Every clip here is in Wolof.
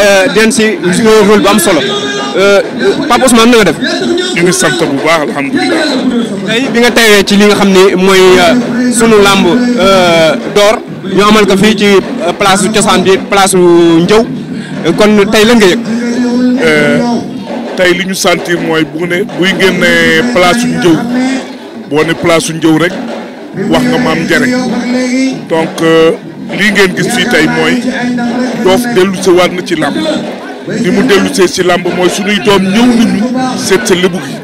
Euh, den si rôle am solo euh, Pape Ousmane na nga def. ñu ngi sant bu baax alhamdulilah. tey bi nga teewee ci li nga xam ne mooy euh, sunu làmb door ñu amal ko fii ci place cosaan bi place su njëw. kon tey lan nga euh, li ñu sentir mooy bu ne buy génne place su njëw boo ne place njëw rek wax nga maam njëriñ donc euh, lii ngeen gis fii tey mooy doof dellusee waat na ci làmb li mu dellusee ci làmb mooy suñuy doom ñëw nañu seet sa lébu gi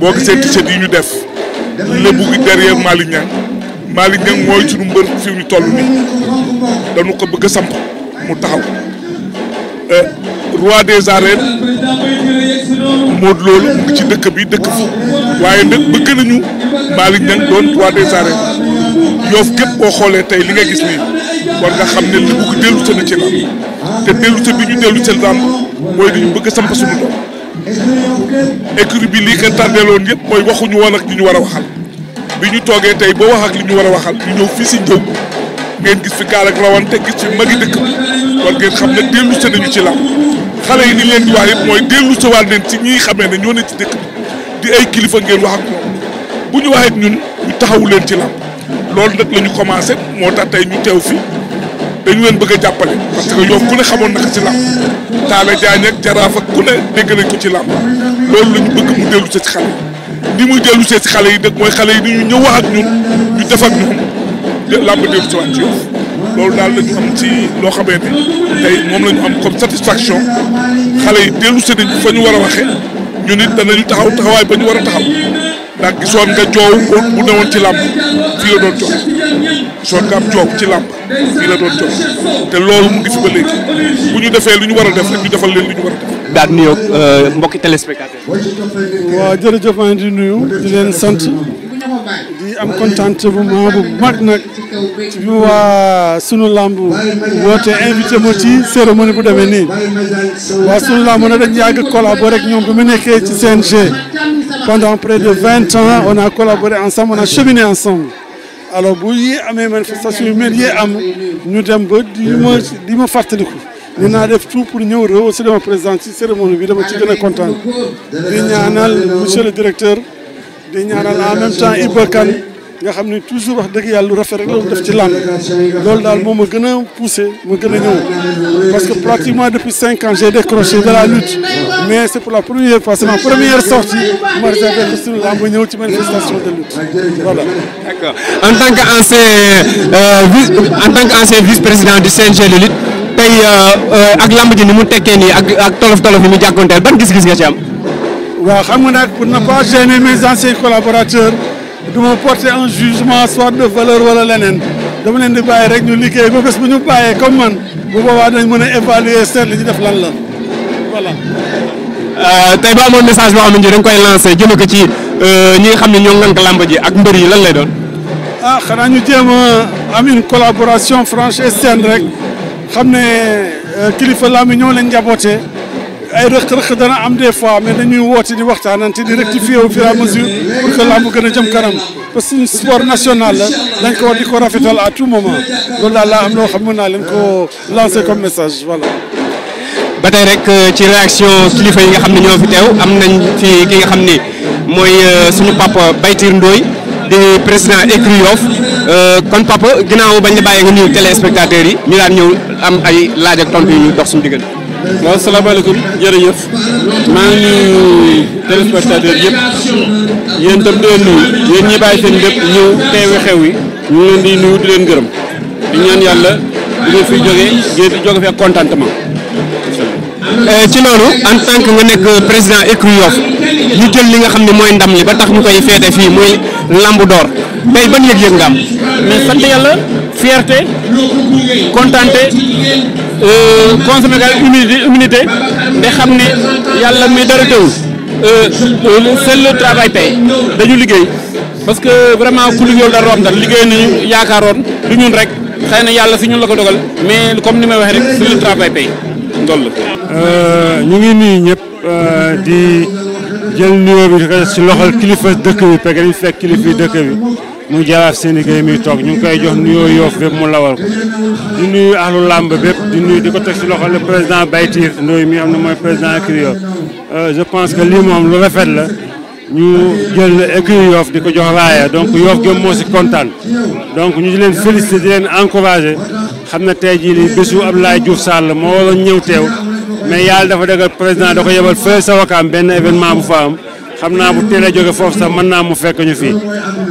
boo gisee t-shirt yi ñu def lébu gi derrière Malick Niang Malick Niang mooy suñu mbër fi ñu toll nii dañu ko bëgg a samp mu taxaw. roi des arènes Modou Lo ci dëkk bi dëkk fi waaye nag bëgg nañu Malick Niang doon roi des arènes yoof képp koo xoolee tey li ngay gis nii war nga xam ne li bugg dellu seen ci lamb te dellu sa bi ñu dellu seen lamb mooy dañu bëgg samp suñu doom bi lii kan tàndeeloon yëpp mooy waxuñu woon ak li ñu war a waxal bi ñu toogee tey boo wax ak li ñu war a waxal ñu ñëw fii si njëw ngeen gis fi gaal ak rawante gis fi magi dëkk bi kon ngeen xam ne dellu si nañu ci làmb xale yi ni leen di wax yëpp mooy dellu si waat leen ci ñi xamee ne ñoo ne ci dëkk bi di ay kilifa ngeen wax ak ñoom bu ñu waxee ñun ñu taxawu leen ci làmb loolu nag la ñu commencé moo tax tey ñu teew fii dañu leen bëgg a jàppale parce que yow ku ne xamoon naka ci làmb Talla Diagne ak Jaraaf ak ku ne dégg nañ ko ci làmb loolu la ñu bëgg mu dellu see ci xale yi ni muy dellu ci xale yi nag mooy xale yi ni ñu ñëw wax ak ñun ñu def ak ñoom làmb dellu si waat ci yow loolu daal la ñu am ci loo xamante tey moom la ñu am comme satisfaction xale yi dellu si nañ fa ñu war a waxee ñu nit danañu taxaw taxawaay ba ñu war a taxaw ndax gisoon nga joow bu newoon ci làmb fii la doon jox gisoon nga am joow ci làmb fii la doon jox te loolu mu ngi fi léegi bu ñu defee lu ñu war a def rek ñu defal leen lu ñu war a def. daal di nuyoog euh, mbokki téléspectateur. waaw jërëjëf maa ngi di nuyu di leen sant. di am contentement bu mag nag ci bi waa sunu làmb woote invité ma ci cérémonie bu demee nii waa sunu làmb nag dañu yàgg collaboré ak ñoom bi mu nekkee ci CNG pendant près on a collaboré ensemble on a cheminé ensemble bu yi amee manifestation yu mel yi am ñu dem ba di ma di ma fàttaliku ñu naa def tout pour ñëw rehausser dama président ci cérémonie bi dama ci gën a kontaan di ñaanal monsieur directeur di ñaanal en même temps nga xam ne toujours wax dëgg yàlla lu rafet rek loolu def ci làmb loolu daal moom ma gën a poussé ma gën a ñëw parce que pratiquement depuis cinq ans j'ai décroché de la lutte mais c'est pour la première fois c'est ma première sortie ma réservé ko suñu ñëw ci manifestation de lutte voilà. en tant que ancien euh, vice en tant que ancien vice président du CNG de lutte tey euh, euh, ak làmb ji ni mu tekkee nii ak ak tolof tolof yi mu jàkkoonteel ban gis-gis nga ci am. waaw xam nga nag pour ne pas gêner mes anciens collaborateurs du ma porter un jugement soit de valeur wala leneen dama leen di bàyyi rek ñu liggéey ba bés bu ñu bàyyee comme man bu boobaa dañ mën a évaluer seet li ñu def lan la voilà. Euh, tey ba amoon message boo xam ne dañ koy lancé jëme ko ci euh, ñi nga xam ne ñoo ngànk làmb ji ak mbër yi lan lay doon. ah xanaa ñu jéem a am une collaboration franche et rek xam ne euh, kilifa làmb ñoo leen njabootee. ay rëq-rëq dana am des fois mais dañuy woote di waxtaanante di rectifier au fur et à pour que làmb gën a jëm kanam parce que sport national la dañ ko war di ko rafetal à tout moment loolu daal laa am loo naa leen ko lancer message voilà. tey rek euh, ci réaction kilifa yi nga xam ne ñoo fi am nañ fi ki nga xam ni mooy euh, suñu papa Baytir Ndoye di président écurie Yoff euh, kon papa ginnaaw bañ la bàyyee nga nuyu téléspectateurs yi ñu daan ñëw am ay laaj ak tontu yi ñu dox suñu diggante. waaw salaamaaleykum jërëjëf maa ngi nuyu téléspectateur yëpp yéen itam di leen nuyu leen di nuyu di leen gërëm di yàlla di ngeen fiy eh, loolu en tant que nga nekk président écurie Yoff ñu jël li nga xam ne mooy ndam li ba tax mu koy feete fii muy lamb d'or tey ban yëg-yëg nga mais sant yàlla fierté contenté. consommer euh, ak humilité da xam ne yàlla mi dara teewul euh, euh, seul le travail paye dañu liggéey parce que vraiment ku liggéeyul dara room dara liggéey nañu yaakaaroon du ñun rek xëy na yàlla si ñun la ko dogal mais comme ni may waxee rek seul le travail paye ñu ngi nuyu ñëpp di. jël nuyoo bi si loxol kilifa dëkk bi parce que dañu fekk kilifa mu jaraaf seen liggéey mi toog ñu ngi koy jox nuyoo yoof mu lawal ko di nuyu làmb bépp di ko teg si loxol le président Baytiir Ndoye mi xam mooy président écurie euh, je pense que lii moom lu rafet la ñu jël di ko jox raaya donc Yoff gëm moo si kontaan donc ñu di leen félicité di leen encouragé xam na tey jii li bésu Abdoulaye Diouf Sall moo waroon ñëw teew mais yàlla dafa dëggal président da ko yebal fële sa wakaam benn événement bu fa am xam naa bu teel a jóge foofu sax mën naa mu fekk ñu fii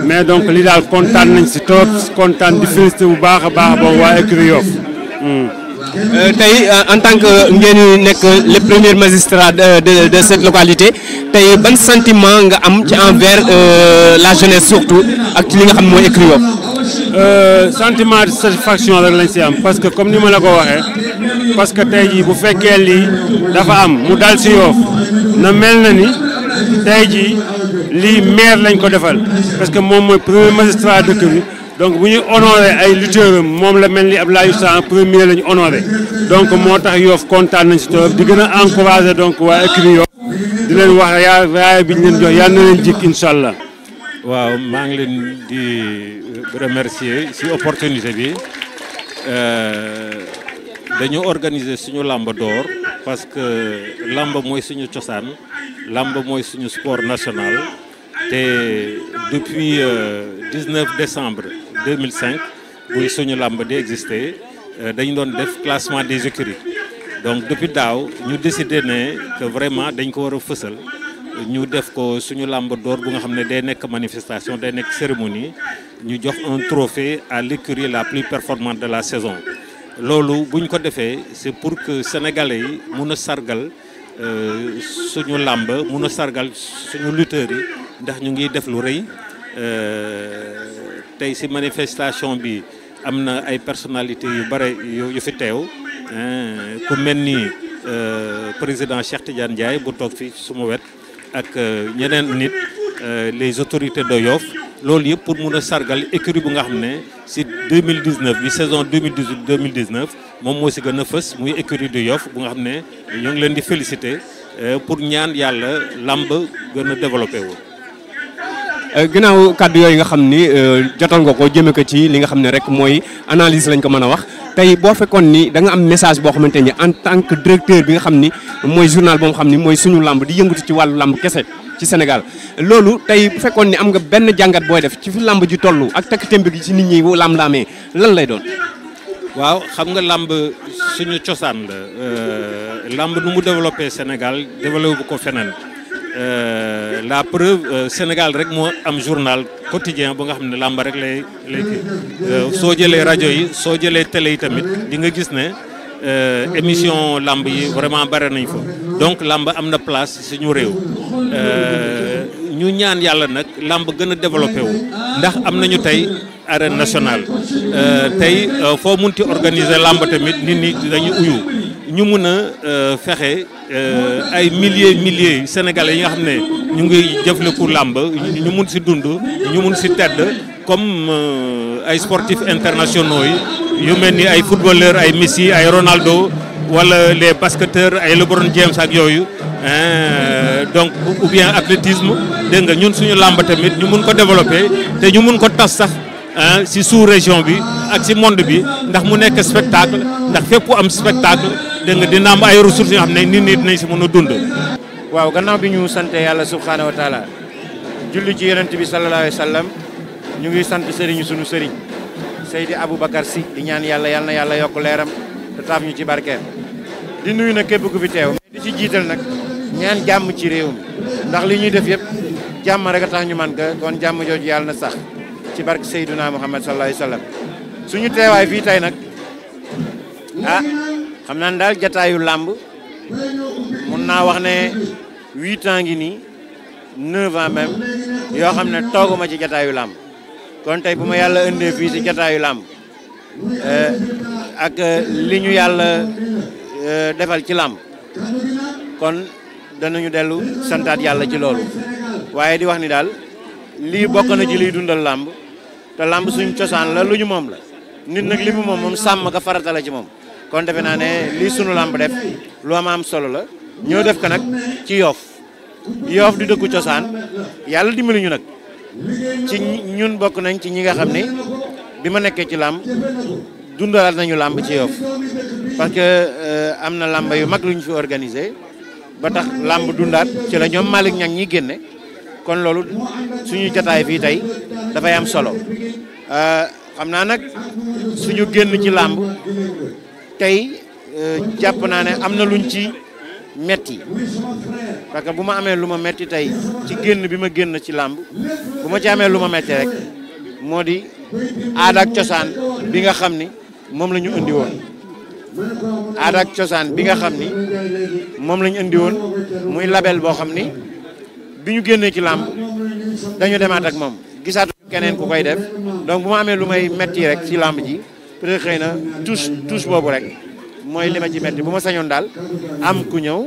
mais donc li daal kontaan nañ si trop kontaan di félicité bu baax a baax boobu waa écurie Yoff euh, tey euh, en tant que ngeen nekk le premier magistrat de de cette localité tey ban sentiment nga am ci envers euh, la jeunesse surtout ak ci li nga xam mooy écurie Yoff sentiment de satisfaction rek lañ si am parce que comme ni ma la ko waxee parce que tey jii bu fekkee lii dafa am mu dal si yoof na mel na ni tey jii lii mair lañ ko defal parce que moom mooy premier magistrat dëkk bi donc bu ñuy honoré ay lutteurs moom la mel ni ab Diouf Sarr en premier lañu ñu donc moo tax yoof kontaan nañ si trop di gën a encouragé donc waaye écurie yoof di leen wax yaa raaya bi ñu leen jox yàlla na leen jik incha waaw maa ngi leen di remercier si opportunité bi. Euh, dañu organiser suñu làmb door parce que làmb mooy suñu cosaan làmb mooy suñu sport national te depuis 19 euh, décembre 2005 buy suñu làmb di exister euh, dañu doon def classement des écuries donc depuis daaw ñu décidé ne que vraiment dañ ko war a fësal ñu def ko suñu làmb door bu nga xam ne day nekk manifestation day nekk cérémonie ñu jox un trophée à l'écurie la plus performante de la saison loolu buñ ko defee c'est pour que sénégalais yi mun a sargal euh, suñu làmb mun a sargal suñu lutteurs yi ndax ñu ngi def lu rëy euh, tey ci manifestation bi am na ay personnalités yu bare yu fi teew ku mel ni euh, président Cheikh Tidiane Ndiaye bu toog fii suma wet ak ñeneen nit les autorités de Yoff loolu yëpp pour mun a sargal écurie bu nga xam ne si 2019 bi saison 2018 2019 moom moo si gën a fës muy écurie du Yoff bu nga xam ne ñoo ngi leen di féliciter euh, pour ñaan yàlla làmb gën a développé wu. Euh, ginnaaw kàddu yooyu nga xam ni euh, jotal nga ko jëme ko ci li nga xam ne rek mooy analyse lañ ko mën a wax tey boo fekkoon ni da nga am message boo xamante ni en tant que directeur bi nga xam ni mooy journal boo xam ni mooy suñu làmb di yëngatu ci wàllu làmb kese. ci Sénégal loolu tey bu fekkoon ni am nga benn jàngat booy def ci fi làmb ji toll ak takk témb gi ci nit ñi làmb laamee lan lay doon. waaw xam nga làmb suñu cosaan la euh, làmb nu mu développé Sénégal développé ko feneen euh, la preuve euh, Sénégal rek moo am journal quotidien bu nga xam ne làmb rek lay lay soo jëlee rajo yi soo jëlee télé yi tamit di nga gis ne émission làmb yi vraiment bare nañ fa. donc làmb am na place suñu réew euh, ñu ñaan yàlla nag làmb gën a développé wu ndax am nañu tey arène nationale euh, tey euh, foo mun munti organiser làmb tamit nit ñi dañu uyu ñu mun a fexe ay milliers milliers sénégalais yi nga xam ne ñu ngi jëfle pour làmb ñu mun si dund ñu mun si tedd comme ay sportifs internationaux yi yu mel ni ay footballeur ay Messi ay Ronaldo wala les basketteurs ay LeBron James ak yooyu donc ou bien athlétisme dégg nga ñun suñu làmb tamit ñu mun ko développer te ñu mun ko tas sax si sous région bi ak si monde bi ndax mu nekk spectacle ndax fépp am spectacle dégg nga dina am ay ressources yoo xam ne nit ñi dinañ si mën a dund. waaw gannaaw bi ñu sant yàlla subhaanahu wa taala julli ci yonent bi sallallahu alayhi ñu ngi sant sëriñ suñu sëriñ abu Aboubacar si di ñaan yàlla yal yàlla yokk leeram ñu ci barkeem di nuyu nag képp ku fi teew di ci jiital nag ñaan jàmm ci réew mi ndax li ñuy def yëpp jàmm rek a tax ñu man ka kon jàmm jooju yàlla na sax ci barke Seyduna Muhammad sallallahu alayhi wa sallam suñu teewaay fii tey nag ah xam naa ne daal jataayu làmb mun naa wax ne huit ans ngi nii neuf ans yoo xam ne tooguma ci jataayu làmb kon tey bu ma yàlla indee fii jataayu làmb eh, ak eh, li ñu yàlla Euh, defal ci làmb kon danañu dellu santaat yàlla ci loolu waaye di wax ni daal lii bokk na ci liy dundal làmb te làmb suñu cosaan la lu moom la nit nag li moom moom sàmm ka ci moom kon defe naa ne lii sunu làmb def lu am am solo la ñoo def ko nag ci yoof yoof di dëkku cosaan yàlla dimbali ñu nag ci ñun bokk nañ ci ñi nga xam ne bi ma nekkee ci làmb dundalaat nañu làmb ci yoof parce que euh, am na làmba yu mag lu ñu fi organisé ba tax làmb dundaat ci la ñoom Malick Niang ñi génne kon loolu suñu jataay fii tey dafay am solo euh, xam naa nag suñu génn ci làmb tey euh, jàpp naa ne am na luñ ci metti parce que bu ma amee lu ma metti tey ci génn bi ma génn ci làmb bu ma ci amee lu ma metti rek moo di aada ak cosaan bi nga xam ni moom la ñu indi woon aada ak cosaan bi nga xam ni moom lañu indi woon muy label boo xam ni bi ñu génnee ci làmb dañu demaat ak moom gisaatu keneen ku koy def donc bu ma amee lu may metti rek ci làmb ji peut-être xëy na touche touche boobu rek mooy li ma ci metti bu ma sañoon daal am ku ñëw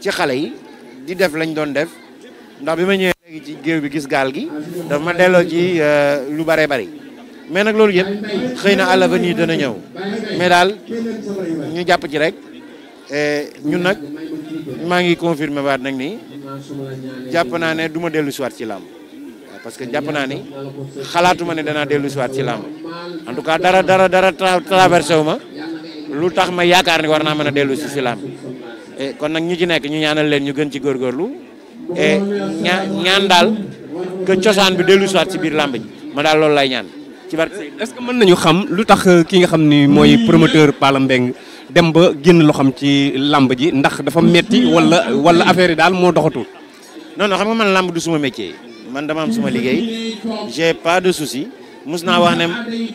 ci xale yi di def lañ doon def ndax bi ma ñëwee léegi ci géew bi gis gaal gi dafa ma delloo ci euh, lu bare bari mais nag loolu yëpp xëy na à l'avenir dana ñëw mais daal ñu jàpp ci rek ñun nag maa ngi confirmé waat nag ni jàpp naa ne duma ma dellu siwaat ci làmb parce que jàpp naa ni xalaatuma ne danaa dellu siwaat ci làmb en tout cas dara dara dara traversé wu ma lu tax ma yaakaar ni war naa mën a dellu si si làmb kon nag ñu ci nekk ñu ñaanal leen ñu gën ci góorgóorlu ñaan ñaan daal que cosaan bi dellu siwaat si biir làmb ji ma daal loolu lay ñaan ci barke est-ce que mën nañu xam lu tax euh, ki nga xam ni mooy promoteur Palla dem ba génn loo xam ci làmb ji ndax dafa metti wala wala affaire yi daal moo doxatul. non non xam nga man làmb du suma métier man dama am suma liggéey j'ai pas de souci mus naa wax ne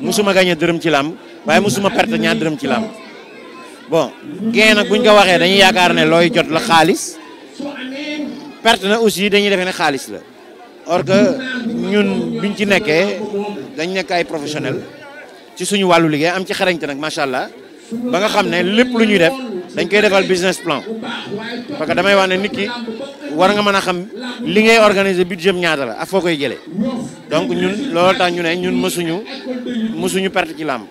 musuma gagné dërëm ci làmb waaye musuma perte ñaar dërëm ci làmb bon gain nag buñ ko waxee dañuy yaakaar ne looy jot la xaalis perte na aussi dañuy defee ne xaalis la or ñun biñ ci dañ nekk ay professionnel ci suñu wàllu liggéey am ci xarañte nag macha allah ba nga xam ne lépp lu ñuy def dañ koy defal business plan parce que damay wax ne nit ki war nga mën a xam li ngay organiser jëm ñaata la ak foo koy jëlee donc ñun loolu tax ñu ne ñun mësuñu mësuñu perte ci làmb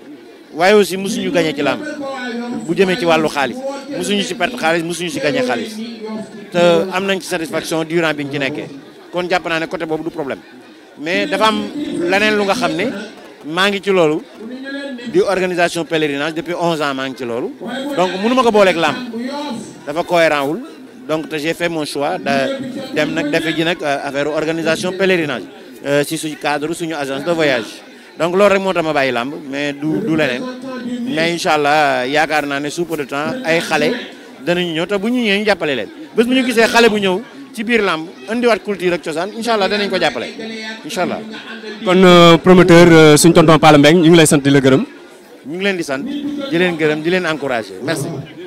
waaye aussi mësuñu gagné ci làmb bu jëmee ci wàllu xaalis mësuñu si perte xaalis mësuñu si gagné xaalis te am nañ ci satisfaction durant biñ ci nekkee kon jàpp naa ne côté boobu du problème mais dafa am leneen lu nga xam ne maa ngi ci loolu di organisation pèlerinage depuis 11 ans maa ngi ci loolu donc mënu ma ko booleek làmb dafa cohérent wul donc te j'ai fait mon choix da dem nag defe ji nag euh, affaire organisation pèlerinage euh, si suñu cadre suñu agence de voyage donc loolu rek moo tama ma bàyyi làmb mais du du leneen mais incha allah euh, yaakaar naa ne sous peu de temps ay xale danañu ñëw te bu ñu ñëwee ñu jàppale leen bés bu ñu gisee xale bu ñëw. ci biir làmb indiwaat culture ak cosaan incha allah danañ ko jàppale incha allah. kon euh, promoteur euh, suñ tonton Palla Mbengue ñu ngi lay sant di la gërëm. ñu ngi leen di sant di leen gërëm di leen encouragé merci.